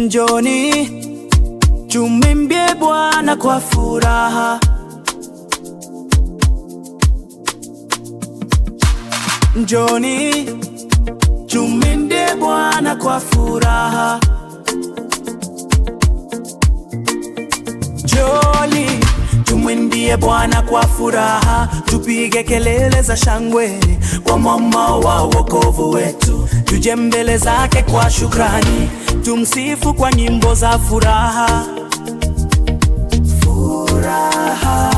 Njoni tumimbie Bwana kwa furaha, njoni tumimbie Bwana kwa furaha. Njoni tumwimbie Bwana kwa furaha, tupige kelele za shangwe kwa mwamba wa wokovu wetu, tuje mbele zake kwa shukrani tumsifu kwa nyimbo za furaha, furaha.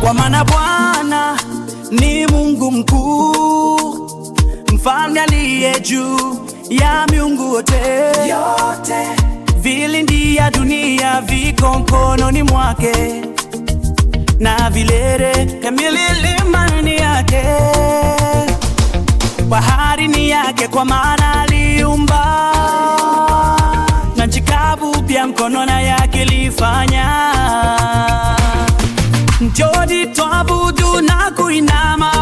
Kwa maana Bwana ni Mungu mkuu, mfalme aliye juu ya miungu yote yote vilindi ya dunia viko mkononi mwake na vilere kamili yake, bahari ni yake, kwa maana aliumba na chikabu pia mkono na yake lifanya. Njoni twabudu na kuinama,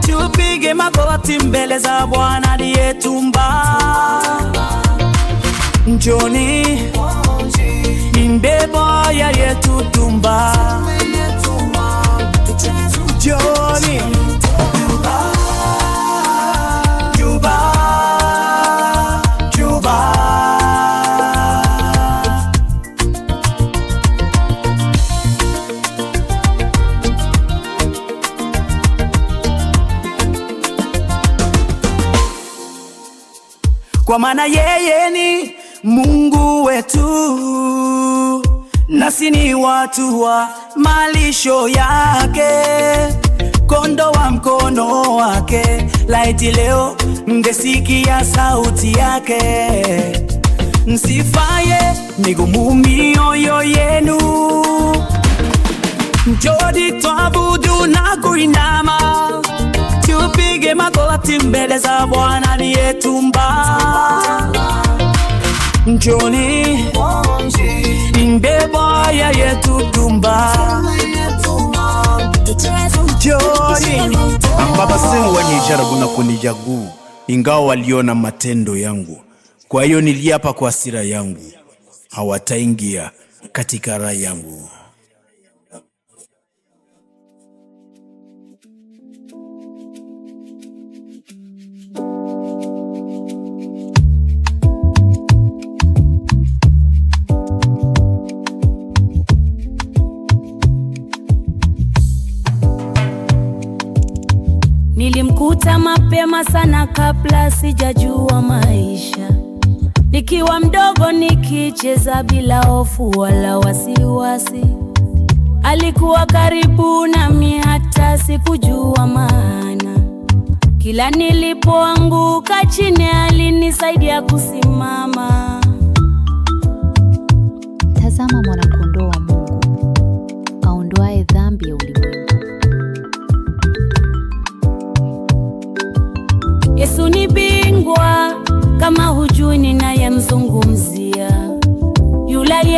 tupige magoti mbele za Bwana aliyetumba njoni, ni mbeba yaliyetutumba njoni kwa maana yeye ni Mungu wetu, nasi ni watu wa malisho yake, kondo wa mkono wake. Laiti leo mngesikia sauti yake, msifaye migumu mioyo yenu. Njoni tuabudu na kuinama, tupige magoti mbele za Bwana aliyetuumba njoni mbeba ya yetu tumba njoni ambaba sengu wanyejaragu na kunijaguu ingawa waliona matendo yangu, kwa hiyo niliapa kwa hasira yangu hawataingia katika raha yangu. Nilimkuta mapema sana kabla sijajua maisha, nikiwa mdogo nikicheza bila hofu wala wasiwasi. Alikuwa karibu nami hata sikujua maana, kila nilipoanguka chini alinisaidia kusimama. Tazama mwana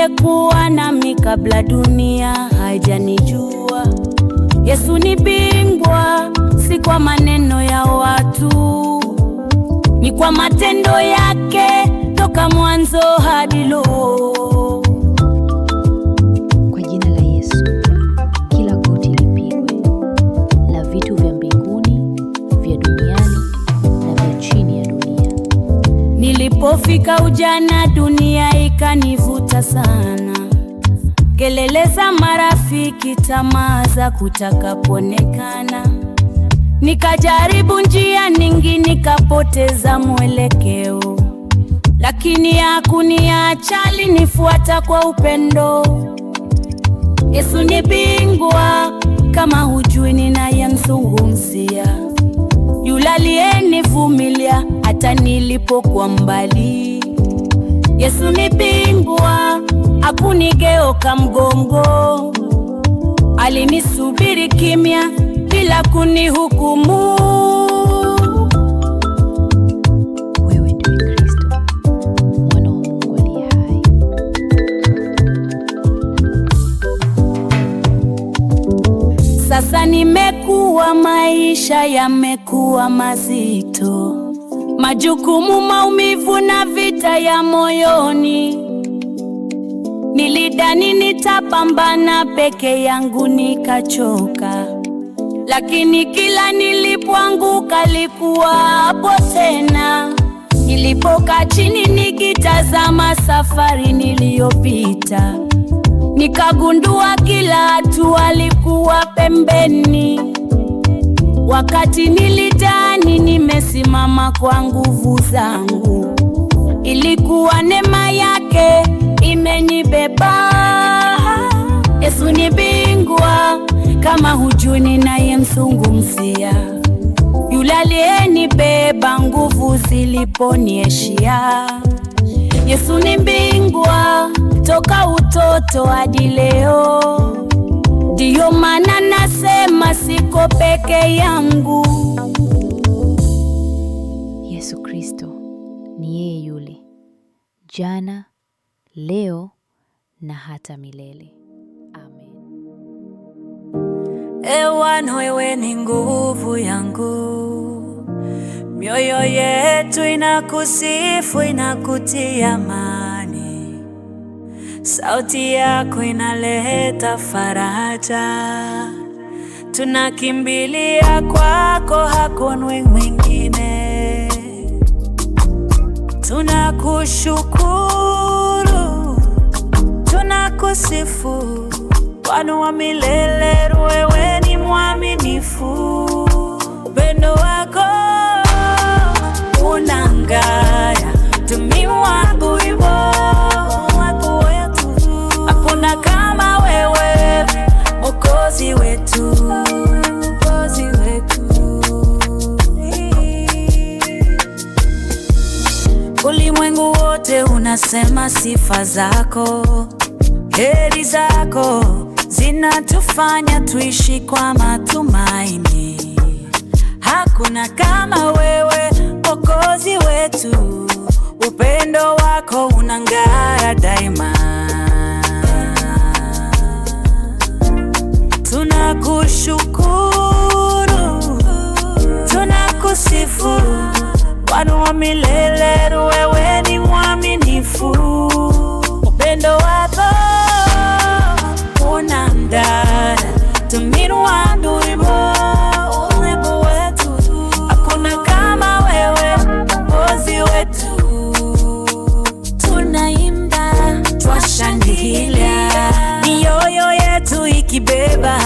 Ulikuwa nami kabla dunia haijanijua. Yesu ni bingwa, si kwa maneno ya watu, ni kwa matendo yake toka mwanzo hadi leo. Nilipofika ujana dunia ikanivu kujuta sana, kelele za marafiki, tamaa za kutaka kuonekana. Nikajaribu njia nyingi, nikapoteza mwelekeo, lakini hakuniacha, alinifuata kwa upendo. Yesu ni bingwa, kama hujui ninayemzungumzia, yule aliyenivumilia hata nilipokuwa mbali. Yesu ni bingwa alinisumbua, hakunigeuka mgongo, alinisubiri kimya bila kunihukumu. Sasa nimekuwa, maisha yamekuwa mazito, majukumu, maumivu na vita ya moyoni Nilidani nitapambana peke yangu nikachoka, lakini kila nilipoanguka likuwa hapo tena. Nilipoka chini nikitazama safari niliyopita, nikagundua kila hatua alikuwa pembeni. Wakati nilidani nimesimama kwa nguvu zangu, ilikuwa neema yake umenibeba. Yesu ni bingwa, kama hujuni naye mzungumzia, yule aliyenibeba nguvu ziliponieshia. Yesu ni bingwa toka utoto hadi leo, ndiyo maana nasema siko peke yangu. Yesu Kristo ni yeye yule jana leo na hata milele. Amen. Ewana, wewe ni nguvu yangu, mioyo yetu inakusifu, inakutia amani, sauti yako inaleta faraja, tunakimbilia kwako, hakuna mwingine, tunakushukuru kukusifu Bwana wa milele, wewe ni mwaminifu, upendo wako unang'aa Ulimwengu wote unasema sifa zako. Heri zako zinatufanya tuishi kwa matumaini. Hakuna kama wewe, Mwokozi wetu, upendo wako unang'ara daima. Tunakushukuru, tunakusifu, wana wa milele nikibeba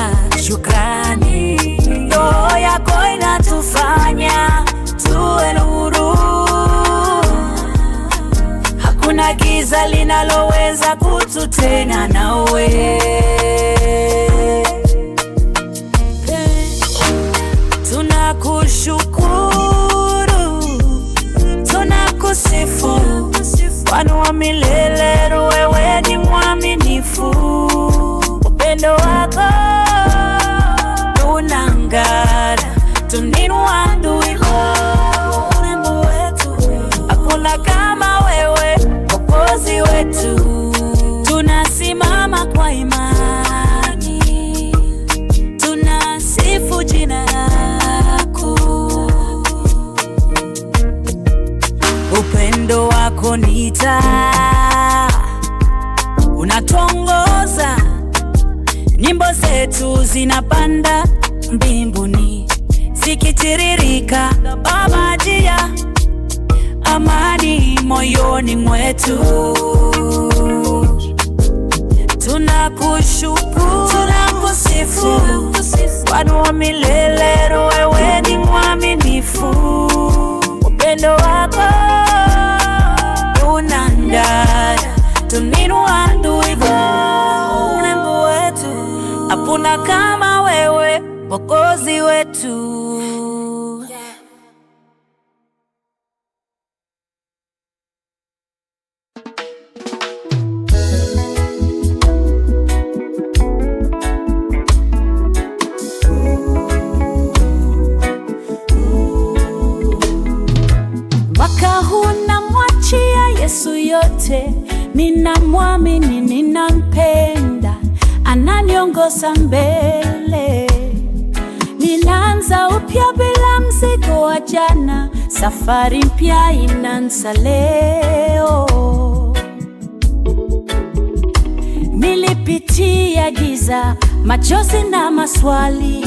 shukrani, roho yako inatufanya tuwe nuru. Hakuna giza linaloweza kututena nawe. Tunakushukuru, tunakusifu, Bwana wa milele unapita, unatongoza, nyimbo zetu zinapanda mbinguni zikitiririka kama maji amani moyoni mwetu. Tunakushukuru, tunakusifu, Bwana wa milele, wewe ni mwaminifu kama wewe Mwokozi wetu. kuniongoza mbele. Ninaanza upya bila mzigo wa jana, safari mpya inaanza leo. Nilipitia giza, machozi na maswali,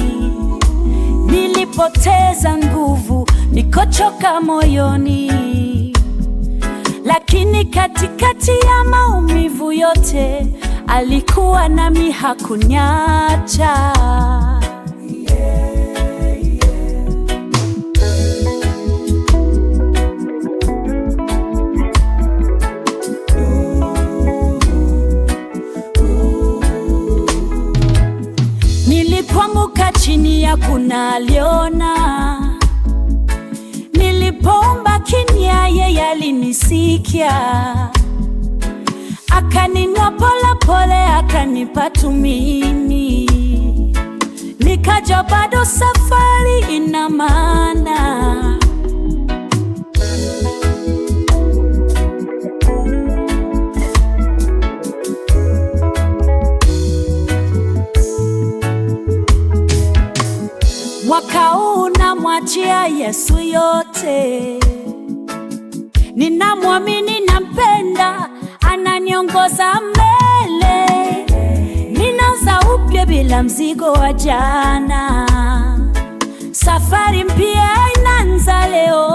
nilipoteza nguvu, nikochoka moyoni, lakini katikati ya maumivu yote alikuwa nami hakuniacha. Nilipoanguka chini ya aliona, nilipoomba kimya yeye alinisikia, akaninua pola pole akanipa tumaini, nikajua bado safari ina maana. Mwaka huu namwachia Yesu yote, ninamwamini, nampenda ananiongoza mbele, ninaanza upya bila mzigo wa jana. Safari mpya inaanza leo.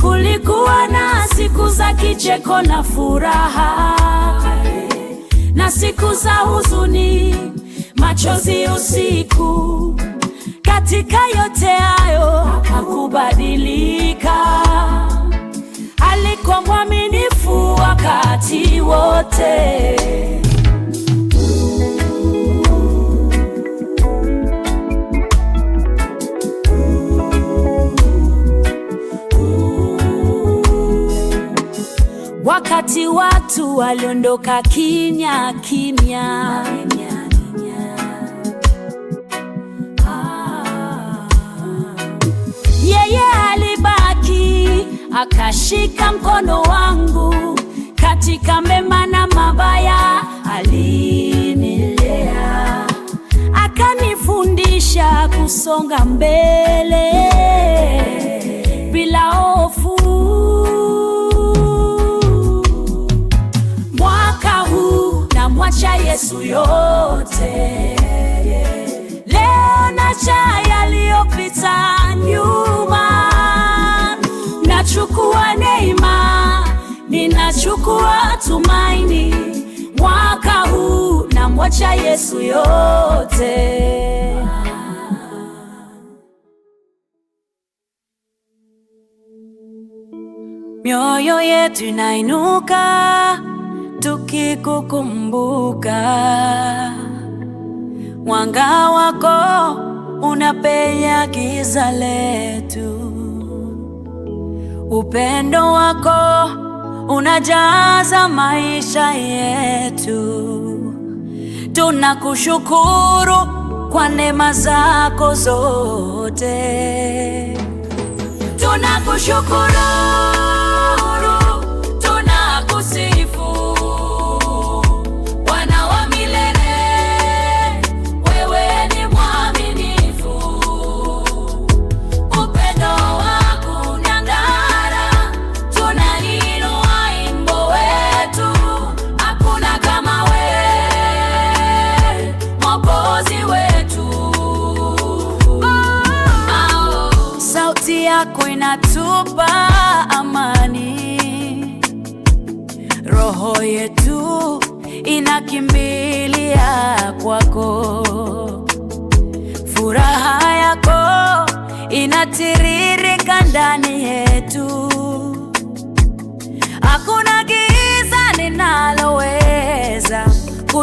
Kulikuwa na siku za kicheko na furaha, na siku za huzuni, machozi usiku. Katika yote hayo hakubadilika wote. Wakati watu waliondoka kimya kimya akashika mkono wangu katika mema na mabaya. Alinilea akanifundisha kusonga mbele bila hofu. Mwaka huu namwacha Yesu yote, leo nacha yaliyopita nyuma, nachukua neema ninachukua tumaini mwaka huu, na mwacha Yesu yote. Mioyo yetu inainuka tukikukumbuka, mwanga wako unapenya giza letu, upendo wako unajaza maisha yetu. Tunakushukuru kwa neema zako zote, tunakushukuru, tunakusifu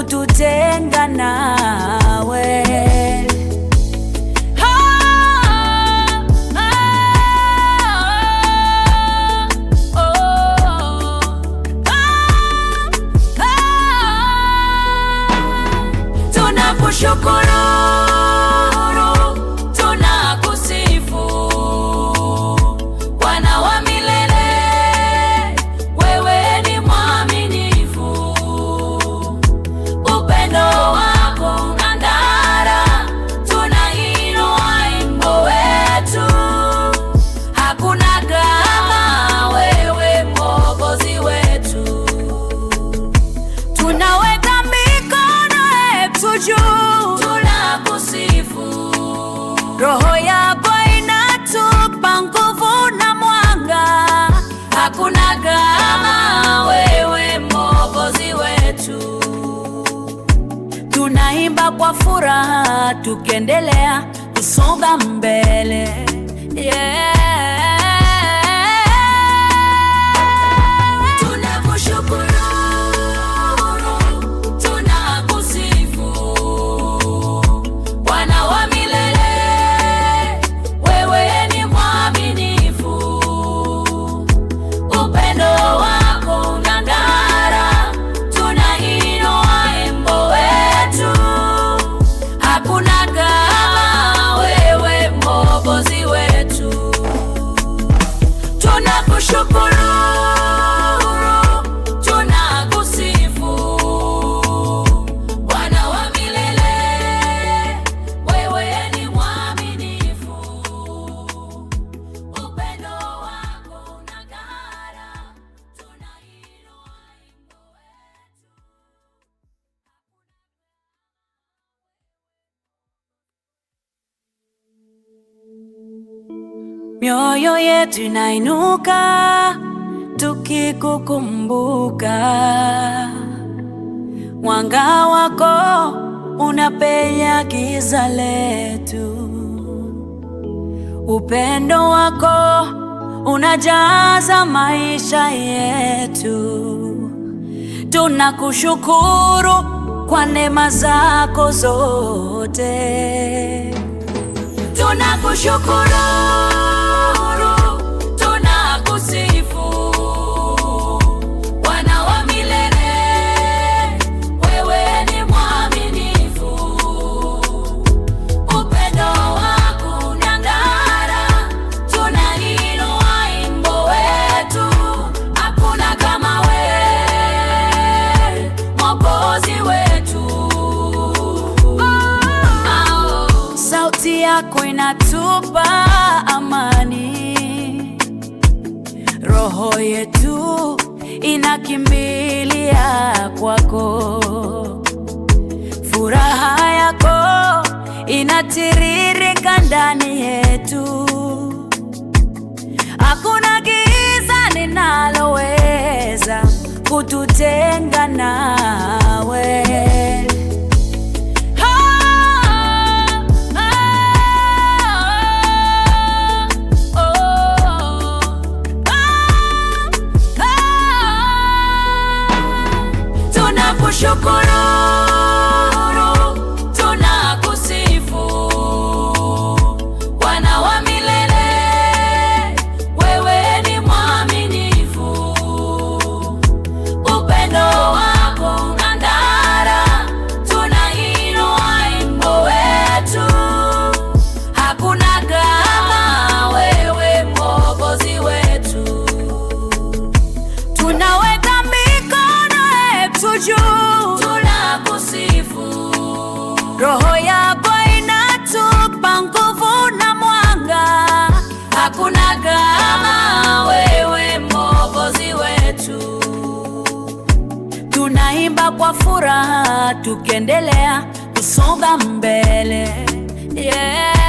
kututengana. tunaimba kwa furaha tukiendelea kusonga mbele yeah. mioyo yetu inainuka tukikukumbuka. Mwanga wako unapenya giza letu, upendo wako unajaza maisha yetu. Tunakushukuru kwa neema zako zote, tunakushukuru kwako, furaha yako inatiririka ndani yetu. Hakuna giza ninaloweza kututenga nao. tunaimba kwa furaha tukiendelea kusonga mbele yeah.